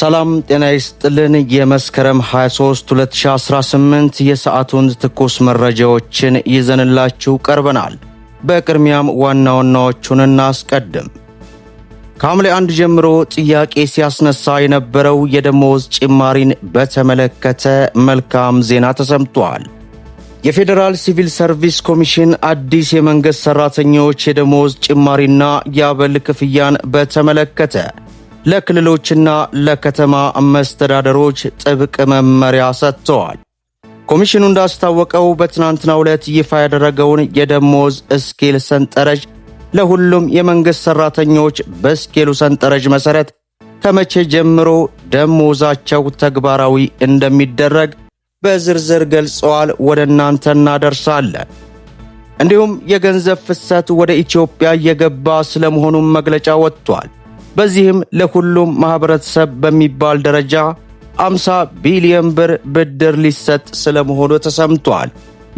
ሰላም ጤና ይስጥልን። የመስከረም 23 2018 የሰዓቱን ትኩስ መረጃዎችን ይዘንላችሁ ቀርበናል። በቅድሚያም ዋና ዋናዎቹን እናስቀድም። ከሐምሌ አንድ ጀምሮ ጥያቄ ሲያስነሳ የነበረው የደሞዝ ጭማሪን በተመለከተ መልካም ዜና ተሰምቷል። የፌዴራል ሲቪል ሰርቪስ ኮሚሽን አዲስ የመንግሥት ሠራተኞች የደሞዝ ጭማሪና የአበል ክፍያን በተመለከተ ለክልሎችና ለከተማ መስተዳደሮች ጥብቅ መመሪያ ሰጥተዋል። ኮሚሽኑ እንዳስታወቀው በትናንትናው ዕለት ይፋ ያደረገውን የደሞዝ ስኬል ሰንጠረዥ ለሁሉም የመንግሥት ሠራተኞች በስኬሉ ሰንጠረዥ መሠረት ከመቼ ጀምሮ ደሞዛቸው ተግባራዊ እንደሚደረግ በዝርዝር ገልጸዋል። ወደ እናንተ እናደርሳለን። እንዲሁም የገንዘብ ፍሰት ወደ ኢትዮጵያ የገባ ስለመሆኑም መግለጫ ወጥቷል። በዚህም ለሁሉም ማህበረሰብ በሚባል ደረጃ 50 ቢሊዮን ብር ብድር ሊሰጥ ስለመሆኑ ተሰምቷል።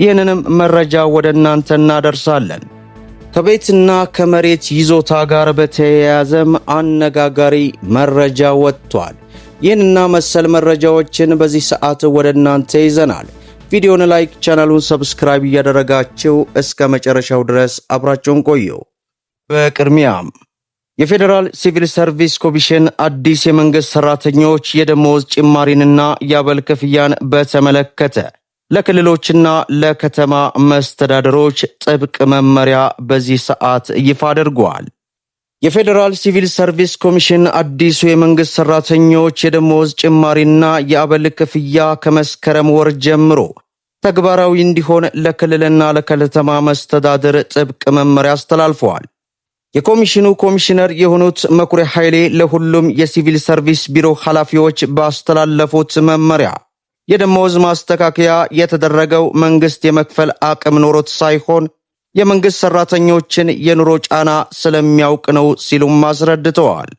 ይህንንም መረጃ ወደ እናንተ እናደርሳለን። ከቤትና ከመሬት ይዞታ ጋር በተያያዘም አነጋጋሪ መረጃ ወጥቷል። ይህንና መሰል መረጃዎችን በዚህ ሰዓት ወደ እናንተ ይዘናል። ቪዲዮን ላይክ፣ ቻናሉን ሰብስክራይብ እያደረጋችሁ እስከ መጨረሻው ድረስ አብራችሁን ቆዩ። በቅድሚያም የፌዴራል ሲቪል ሰርቪስ ኮሚሽን አዲስ የመንግሥት ሠራተኞች የደሞዝ ጭማሪንና የአበል ክፍያን በተመለከተ ለክልሎችና ለከተማ መስተዳደሮች ጥብቅ መመሪያ በዚህ ሰዓት ይፋ አድርጓል። የፌዴራል ሲቪል ሰርቪስ ኮሚሽን አዲሱ የመንግሥት ሠራተኞች የደሞዝ ጭማሪና የአበል ክፍያ ከመስከረም ወር ጀምሮ ተግባራዊ እንዲሆን ለክልልና ለከተማ መስተዳድር ጥብቅ መመሪያ አስተላልፈዋል። የኮሚሽኑ ኮሚሽነር የሆኑት መኩሪያ ኃይሌ ለሁሉም የሲቪል ሰርቪስ ቢሮ ኃላፊዎች ባስተላለፉት መመሪያ የደሞዝ ማስተካከያ የተደረገው መንግስት የመክፈል አቅም ኖሮት ሳይሆን የመንግስት ሰራተኞችን የኑሮ ጫና ስለሚያውቅ ነው ሲሉም አስረድተዋል።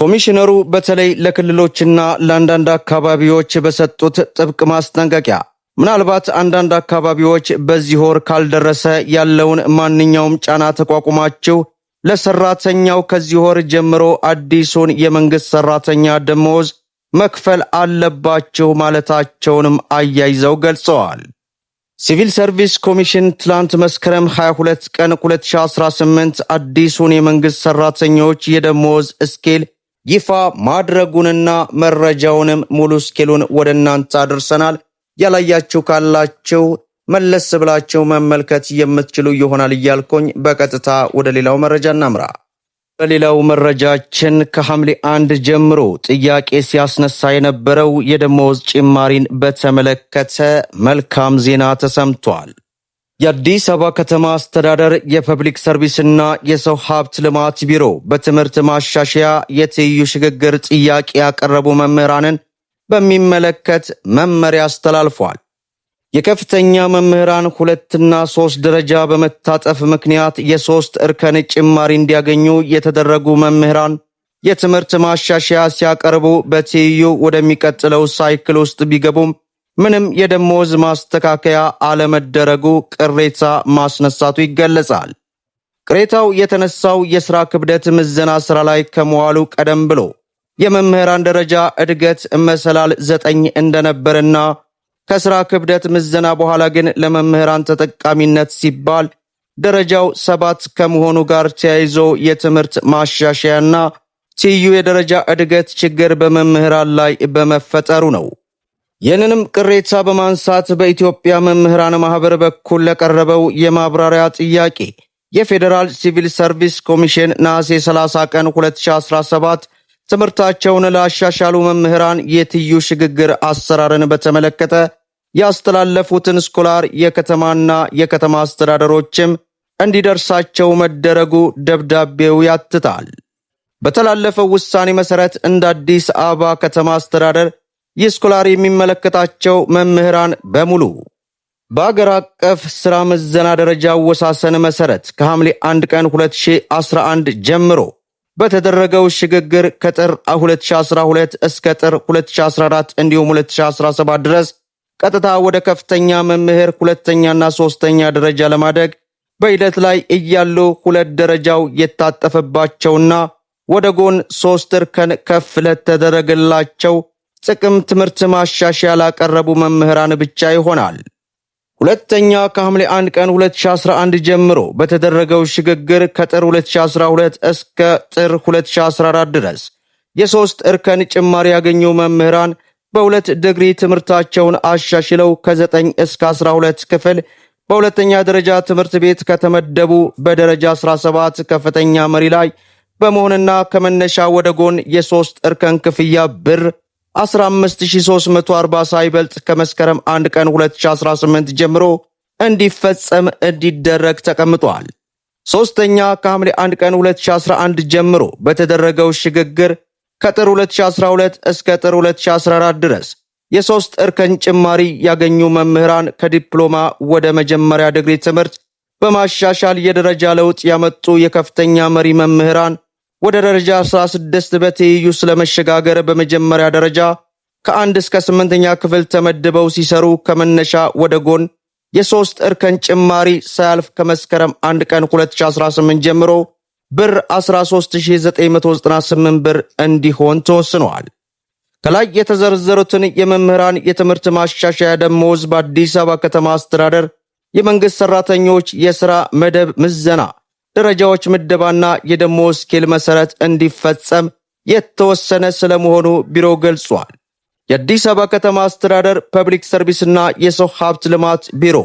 ኮሚሽነሩ በተለይ ለክልሎችና ለአንዳንድ አካባቢዎች በሰጡት ጥብቅ ማስጠንቀቂያ ምናልባት አንዳንድ አካባቢዎች በዚህ ወር ካልደረሰ ያለውን ማንኛውም ጫና ተቋቁማችሁ ለሰራተኛው ከዚህ ወር ጀምሮ አዲሱን የመንግስት ሰራተኛ ደሞዝ መክፈል አለባቸው ማለታቸውንም አያይዘው ገልጸዋል። ሲቪል ሰርቪስ ኮሚሽን ትላንት መስከረም 22 ቀን 2018 አዲሱን የመንግስት ሰራተኞች የደሞዝ እስኬል ይፋ ማድረጉንና መረጃውንም ሙሉ እስኬሉን ወደ እናንተ አድርሰናል። ያላያችሁ ካላችሁ መለስ ብላችሁ መመልከት የምትችሉ ይሆናል እያልኩኝ በቀጥታ ወደ ሌላው መረጃ እናምራ። በሌላው መረጃችን ከሐምሌ አንድ ጀምሮ ጥያቄ ሲያስነሳ የነበረው የደሞዝ ጭማሪን በተመለከተ መልካም ዜና ተሰምቷል። የአዲስ አበባ ከተማ አስተዳደር የፐብሊክ ሰርቪስና የሰው ሀብት ልማት ቢሮ በትምህርት ማሻሻያ የትይዩ ሽግግር ጥያቄ ያቀረቡ መምህራንን በሚመለከት መመሪያ አስተላልፏል። የከፍተኛ መምህራን ሁለትና ሶስት ደረጃ በመታጠፍ ምክንያት የሶስት እርከን ጭማሪ እንዲያገኙ የተደረጉ መምህራን የትምህርት ማሻሻያ ሲያቀርቡ በትይዩ ወደሚቀጥለው ሳይክል ውስጥ ቢገቡም ምንም የደሞዝ ማስተካከያ አለመደረጉ ቅሬታ ማስነሳቱ ይገለጻል። ቅሬታው የተነሳው የሥራ ክብደት ምዘና ሥራ ላይ ከመዋሉ ቀደም ብሎ የመምህራን ደረጃ እድገት መሰላል ዘጠኝ እንደነበርና ከስራ ክብደት ምዘና በኋላ ግን ለመምህራን ተጠቃሚነት ሲባል ደረጃው ሰባት ከመሆኑ ጋር ተያይዞ የትምህርት ማሻሻያና ትዩ የደረጃ እድገት ችግር በመምህራን ላይ በመፈጠሩ ነው። ይህንንም ቅሬታ በማንሳት በኢትዮጵያ መምህራን ማህበር በኩል ለቀረበው የማብራሪያ ጥያቄ የፌዴራል ሲቪል ሰርቪስ ኮሚሽን ነሐሴ 30 ቀን 2017 ትምህርታቸውን ላሻሻሉ መምህራን የትዩ ሽግግር አሰራርን በተመለከተ ያስተላለፉትን ስኮላር የከተማና የከተማ አስተዳደሮችም እንዲደርሳቸው መደረጉ ደብዳቤው ያትታል። በተላለፈው ውሳኔ መሰረት እንደ አዲስ አበባ ከተማ አስተዳደር የስኮላር የሚመለከታቸው መምህራን በሙሉ በአገር አቀፍ ሥራ ምዘና ደረጃ አወሳሰን መሰረት ከሐምሌ 1 ቀን 2011 ጀምሮ በተደረገው ሽግግር ከጥር 2012 እስከ ጥር 2014 እንዲሁም 2017 ድረስ ቀጥታ ወደ ከፍተኛ መምህር ሁለተኛና ሶስተኛ ደረጃ ለማደግ በሂደት ላይ እያሉ ሁለት ደረጃው የታጠፈባቸውና ወደ ጎን ሶስት እርከን ከፍ ለተደረገላቸው ጥቅም ትምህርት ማሻሻያ ላቀረቡ መምህራን ብቻ ይሆናል። ሁለተኛ ከሐምሌ 1 ቀን 2011 ጀምሮ በተደረገው ሽግግር ከጥር 2012 እስከ ጥር 2014 ድረስ የሶስት እርከን ጭማሪ ያገኙ መምህራን በሁለት ዲግሪ ትምህርታቸውን አሻሽለው ከ9 እስከ 12 ክፍል በሁለተኛ ደረጃ ትምህርት ቤት ከተመደቡ በደረጃ 17 ከፍተኛ መሪ ላይ በመሆንና ከመነሻ ወደ ጎን የሶስት እርከን ክፍያ ብር 15340 ሳይበልጥ ከመስከረም 1 ቀን 2018 ጀምሮ እንዲፈጸም እንዲደረግ ተቀምጧል። ሶስተኛ ከሐምሌ 1 ቀን 2011 ጀምሮ በተደረገው ሽግግር ከጥር 2012 እስከ ጥር 2014 ድረስ የሶስት እርከን ጭማሪ ያገኙ መምህራን ከዲፕሎማ ወደ መጀመሪያ ዲግሪ ትምህርት በማሻሻል የደረጃ ለውጥ ያመጡ የከፍተኛ መሪ መምህራን ወደ ደረጃ 16 በትይዩ ስለመሸጋገር በመጀመሪያ ደረጃ ከአንድ እስከ ስምንተኛ ክፍል ተመድበው ሲሰሩ ከመነሻ ወደ ጎን የሶስት እርከን ጭማሪ ሳያልፍ ከመስከረም 1 ቀን 2018 ጀምሮ ብር 13998 ብር እንዲሆን ተወስኗል። ከላይ የተዘረዘሩትን የመምህራን የትምህርት ማሻሻያ ደሞዝ በአዲስ አበባ ከተማ አስተዳደር የመንግሥት ሠራተኞች የሥራ መደብ ምዘና ደረጃዎች ምደባና የደሞዝ ስኬል መሰረት እንዲፈጸም የተወሰነ ስለመሆኑ ቢሮ ገልጿል። የአዲስ አበባ ከተማ አስተዳደር ፐብሊክ ሰርቪስና የሰው ሀብት ልማት ቢሮ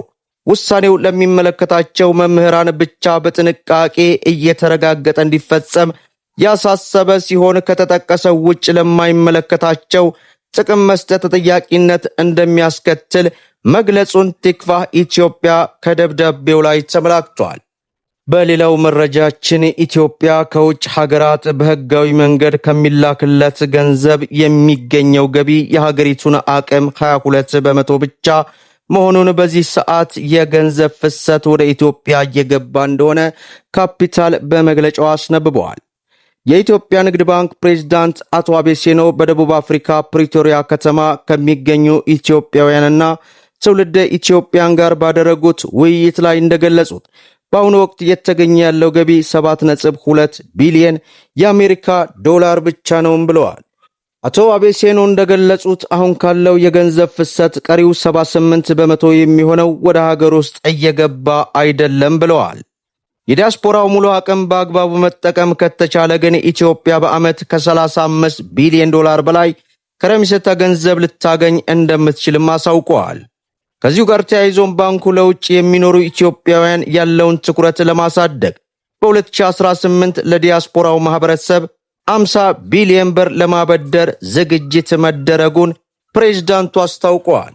ውሳኔው ለሚመለከታቸው መምህራን ብቻ በጥንቃቄ እየተረጋገጠ እንዲፈጸም ያሳሰበ ሲሆን ከተጠቀሰው ውጭ ለማይመለከታቸው ጥቅም መስጠት ተጠያቂነት እንደሚያስከትል መግለጹን ቲክቫህ ኢትዮጵያ ከደብዳቤው ላይ ተመላክቷል። በሌላው መረጃችን ኢትዮጵያ ከውጭ ሀገራት በህጋዊ መንገድ ከሚላክለት ገንዘብ የሚገኘው ገቢ የሀገሪቱን አቅም 22 በመቶ ብቻ መሆኑን በዚህ ሰዓት የገንዘብ ፍሰት ወደ ኢትዮጵያ እየገባ እንደሆነ ካፒታል በመግለጫው አስነብበዋል። የኢትዮጵያ ንግድ ባንክ ፕሬዝዳንት አቶ አቤሴኖ በደቡብ አፍሪካ ፕሪቶሪያ ከተማ ከሚገኙ ኢትዮጵያውያንና ትውልደ ኢትዮጵያን ጋር ባደረጉት ውይይት ላይ እንደገለጹት በአሁኑ ወቅት እየተገኘ ያለው ገቢ 7.2 ቢሊየን የአሜሪካ ዶላር ብቻ ነውም ብለዋል። አቶ አቤሴኖ እንደገለጹት አሁን ካለው የገንዘብ ፍሰት ቀሪው 78 በመቶ የሚሆነው ወደ ሀገር ውስጥ እየገባ አይደለም ብለዋል። የዲያስፖራው ሙሉ አቅም በአግባቡ መጠቀም ከተቻለ ግን ኢትዮጵያ በዓመት ከ35 ቢሊዮን ዶላር በላይ ከረሚሰታ ገንዘብ ልታገኝ እንደምትችልም አሳውቀዋል። ከዚሁ ጋር ተያይዞም ባንኩ ለውጭ የሚኖሩ ኢትዮጵያውያን ያለውን ትኩረት ለማሳደግ በ2018 ለዲያስፖራው ማህበረሰብ 50 ቢሊዮን ብር ለማበደር ዝግጅት መደረጉን ፕሬዝዳንቱ አስታውቀዋል።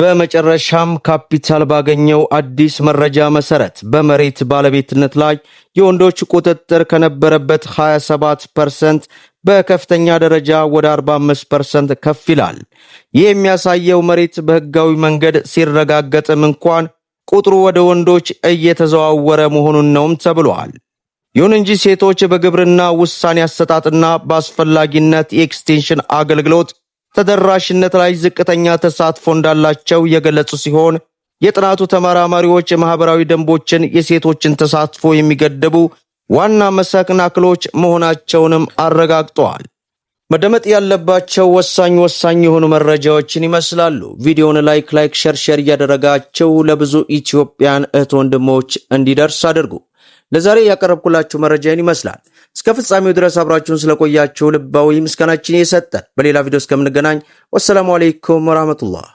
በመጨረሻም ካፒታል ባገኘው አዲስ መረጃ መሰረት በመሬት ባለቤትነት ላይ የወንዶች ቁጥጥር ከነበረበት 27 ፐርሰንት በከፍተኛ ደረጃ ወደ 45 ፐርሰንት ከፍ ይላል። ይህ የሚያሳየው መሬት በሕጋዊ መንገድ ሲረጋገጥም እንኳን ቁጥሩ ወደ ወንዶች እየተዘዋወረ መሆኑን ነውም ተብሏል። ይሁን እንጂ ሴቶች በግብርና ውሳኔ አሰጣጥና በአስፈላጊነት የኤክስቴንሽን አገልግሎት ተደራሽነት ላይ ዝቅተኛ ተሳትፎ እንዳላቸው የገለጹ ሲሆን የጥናቱ ተመራማሪዎች የማህበራዊ ደንቦችን የሴቶችን ተሳትፎ የሚገድቡ ዋና መሰናክሎች መሆናቸውንም አረጋግጠዋል። መደመጥ ያለባቸው ወሳኝ ወሳኝ የሆኑ መረጃዎችን ይመስላሉ። ቪዲዮውን ላይክ ላይክ ሸርሸር እያደረጋቸው ለብዙ ኢትዮጵያን እህት ወንድሞች እንዲደርስ አድርጉ። ለዛሬ ያቀረብኩላችሁ መረጃን ይመስላል። እስከ ፍጻሜው ድረስ አብራችሁን ስለቆያችሁ ልባዊ ምስጋናችን የሰጠን። በሌላ ቪዲዮ እስከምንገናኝ ወሰላሙ አሌይኩም ወራህመቱላህ